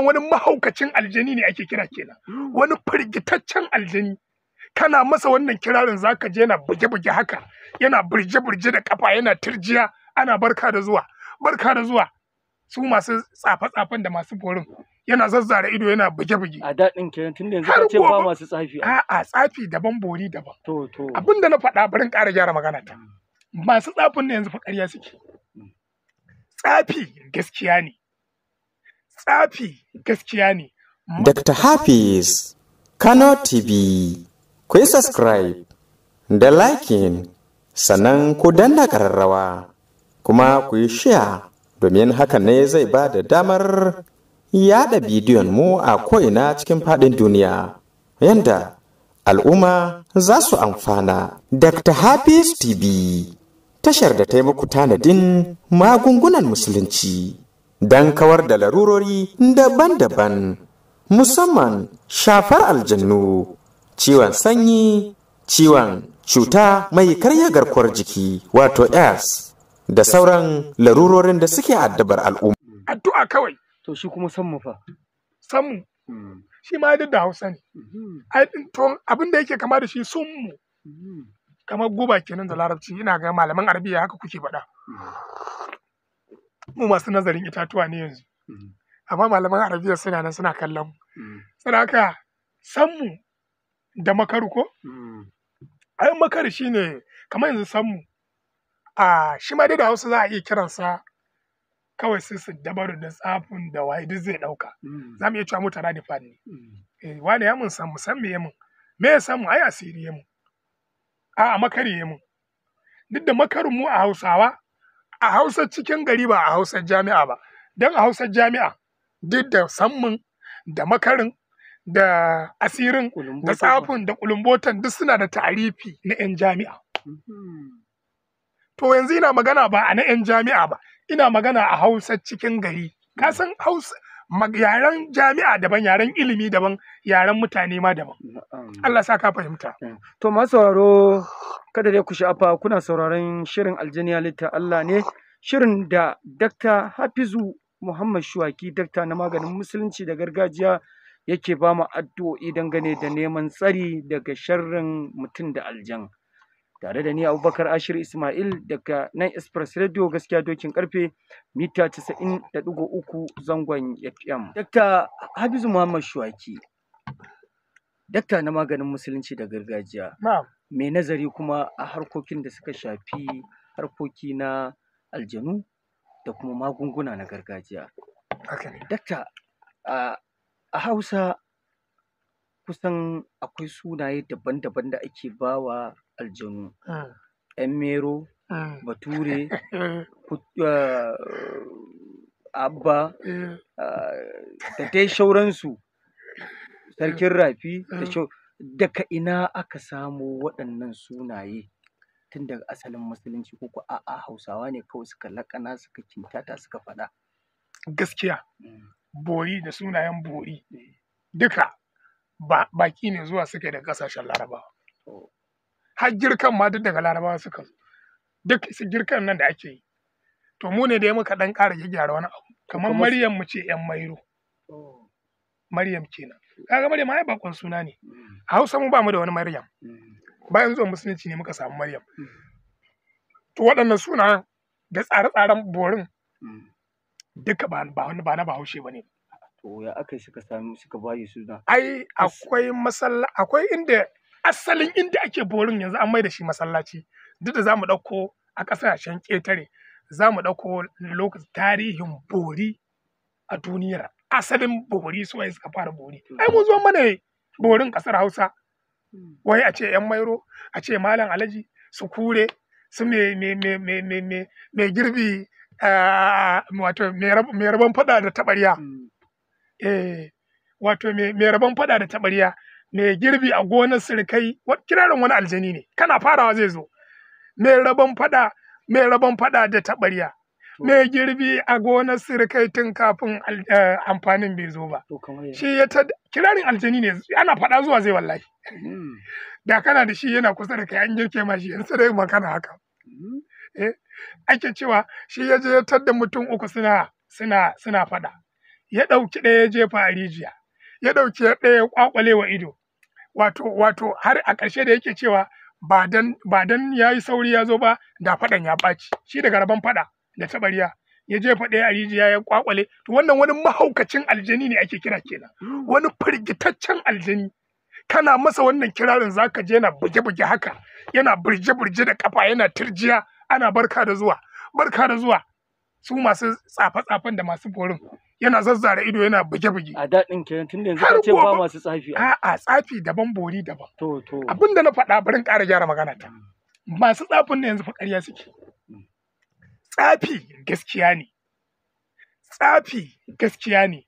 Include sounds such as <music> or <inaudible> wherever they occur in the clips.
wannan wani mahaukacin aljani ne ake kira kenan wani firgitaccen aljani kana masa wannan kirarin zaka je yana buge-buge haka yana burje-burje da kafa yana turjiya ana barka da zuwa barka da zuwa su masu tsafe-tsafen da masu borin yana zazzara ido yana buge-buge a daɗin kenan tun da yanzu ka ce ba masu tsafi a'a tsafi daban bori daban to to abinda na faɗa barin ƙara gyara magana ta mm. masu tsafin ne yanzu fa ƙarya suke mm. tsafi gaskiya ne tsafi gaskiya ne. Dr. Hafiz, Kano TV, ku yi subscribe da liking sannan ku danna ƙararrawa kuma ku yi share domin hakan ne zai ba da damar yada bidiyon mu a ko'ina cikin faɗin duniya yanda al'umma za su amfana. Dr. Hafiz TV, tashar da ta yi tanadin magungunan musulunci. don kawar da larurori daban-daban musamman shafar aljannu ciwon sanyi ciwon cuta mai karya garkuwar jiki wato s da sauran larurorin da suke addabar al'umma addu'a kawai to shi kuma mu fa sanmu hmm. shi ma da hausa ne hmm. abin da yake kama da shi sunmu hmm. kamar guba kenan da larabci ina ga malaman arabiya haka kuke faɗa mu masu nazarin itatuwa ne yanzu mm. amma malaman arabiya suna nan suna kallon mu ka mm. haka san mu da makaru ko mm. ai makaru shine kamar yanzu san mu a shi ma dai da Hausa za a iya kiransa kawai sai su dabaru da tsafin da waye duk zai dauka za mu iya cewa mutara da fanni eh, wani ya mun san mu san me yamin? me ya san mu ai asiri ya mun a makari ya duk da makarin mu a Hausawa a Hausa, cikin gari ba a Hausa jami'a ba, don a Hausa jami'a duk da sammun da makarin da asirin da tsafin da kulumbotan duk suna da tarifi na 'yan jami'a. Mm-hmm. To yanzu ina magana ba a na 'yan jami'a ba, ina magana a Hausa cikin gari. Ka Hausa yaren jami'a daban yaren ilimi daban yaren mutane ma daban Allah sa ka fahimta to ma sauraro kada dai ku sha'afa kuna sauraron shirin aljaniya litta Allah ne shirin da Dr. Hafizu Muhammad Shuwaki dakta na maganin musulunci da gargajiya yake ba mu addu'o'i dangane da neman tsari daga sharrin mutum da aljan. tare da ni abubakar ashir ismail daga nan express radio gaskiya dokin karfe mita 90.3 zangon fm dr hafizu muhammad shuwaki dakta na maganin musulunci da gargajiya mai nazari kuma a harkokin da suka shafi harkoki na aljanu da kuma magunguna na gargajiya dakta a hausa kusan akwai sunaye daban-daban da ake bawa aljanu yan ah. mero ah. bature <laughs> eh. Eh, abba eh. Ah, da dai shauransu sarkin rafi da shau daga ina aka samo waɗannan sunaye tun daga asalin musulunci ko a'a hausawa ne kawai suka laƙana suka kintata suka faɗa gaskiya mm. bori da sunayen bori duka baƙi ne zuwa suke da ƙasashen larabawa har girkan ma duk daga larabawa suka zo duk su girkan nan da ake yi to mu ne da ya muka dan ƙara gyara wani abu kamar maryam mu ce yan mairo maryam kenan kaga maryam ai bakon suna ne a hausa mu ba mu da wani maryam bayan zuwa musulunci ne muka samu maryam to waɗannan suna da tsare-tsaren borin duka ba ba na bahaushe ba ne to ya aka suka sami suka bayi suna ai akwai masalla akwai inda asalin inda ake borin yanzu an da shi masallaci duk da za mu ɗauko a ƙasashen ƙetare zamu mu ɗauko lokacin tarihin bori a duniyar asalin bori su wai suka fara bori ai mun zo mana borin ƙasar hausa wai a ce yan mairo a ce malam alaji su kure su me me me me me me girbi ah, wato me rabon fada da tabariya hmm. eh wato me rabon fada da taɓarya mai girbi a gonar sirkai kirarin wani aljani ne kana farawa zai zo mai rabon fada mai rabon fada da taɓarya mai girbi a gonar sirkai tun kafin eh, amfanin bai zo ba shi ya ta kirarin aljani ne ana fada zuwa zai wallahi hmm. da kana da shi yana kusa da kai an girke ma shi yan sarai makana haka hmm. eh, ake cewa shi ya je da mutum uku suna suna ya ɗauki ɗaya ya jefa a rijiya ya ɗauki ɗaya ya kwakwale wa ido wato wato har a ƙarshe da yake cewa ba dan ya yi sauri ya zo ba da faɗan ya ɓaci shi daga rabon faɗa da tabariya ya je faɗe a rijiya ya kwakwale to wannan wani mahaukacin aljani ne ake kira kenan wani firgitaccen aljani kana masa wannan kirarin zaka je yana buge-buge haka yana burje-burje da kafa yana turjiya. ana barka da zuwa barka da zuwa su masu tsafe-tsafen da masu borin yana zazzara ido yana buge-buge. A daɗin kenan tun da yanzu ka ce ba masu tsafi. A'a tsafi daban bori daban. To to. Abin na faɗa barin ƙara gyara magana ta. Mm. Masu tsafin da yanzu fa ƙarya suke. Mm. Tsafi gaskiya ne. Tsafi gaskiya ne.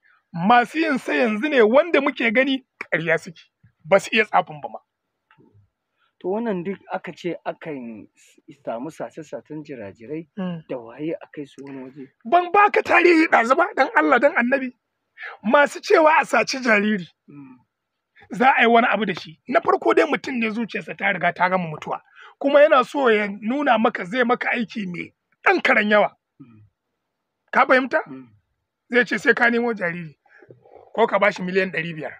Masu yin sa yanzu ne wanda muke gani ƙarya suke. Ba su iya tsafin ba ma. to wannan duk aka ce akan samu sace-sacen jirajirai hmm. da waye a kai su wani waje ban baka tarihi ɗazu ba dan Allah dan annabi masu cewa a saci jariri hmm. za a yi wani abu da shi na farko dai mutum ne zuciyarsa ta riga ta gama mutuwa kuma yana so ya nuna maka zai maka aiki mai ɗan karen yawa hmm. ka fahimta zai ce sai ka nemo jariri ko ka bashi miliyan ɗari biyar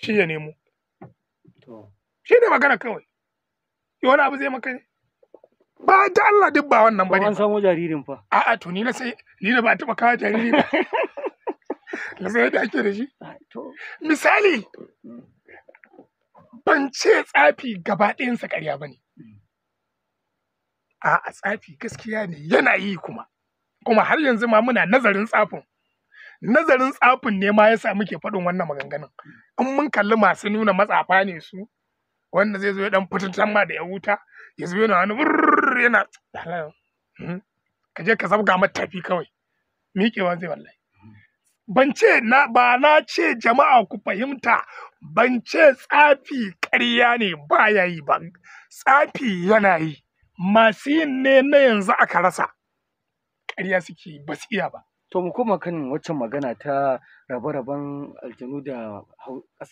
shi ya nemo shi ne magana kawai wani abu zai maka ne ba ta Allah duk ba wannan bane an samu jaririn fa a'a to ni na sai ni da ba taba kawo jariri ba <laughs> na sai da ake da shi misali ban ce tsafi gaba ɗayansa ƙarya ba ne mm. a'a tsafi gaskiya ne yana yi kuma kuma har yanzu ma muna nazarin tsafin nazarin tsafin ne ma yasa muke faɗin wannan maganganun mm. in mun kalli masu nuna matsafa ne su wanda zai zo ya dan fitattan ma da ya wuta ya zo yana wani burr yana hmm? ka je ka zabga mata kawai miƙewa zai wallahi ban ce na ba na ce jama'a ku fahimta ban ce tsafi ƙarya ne ba ya yi ba tsafi yana yi masu yin ne na yanzu aka rasa ƙarya suke ba iya ba to mu koma kan waccan magana ta rabe-raben aljanu da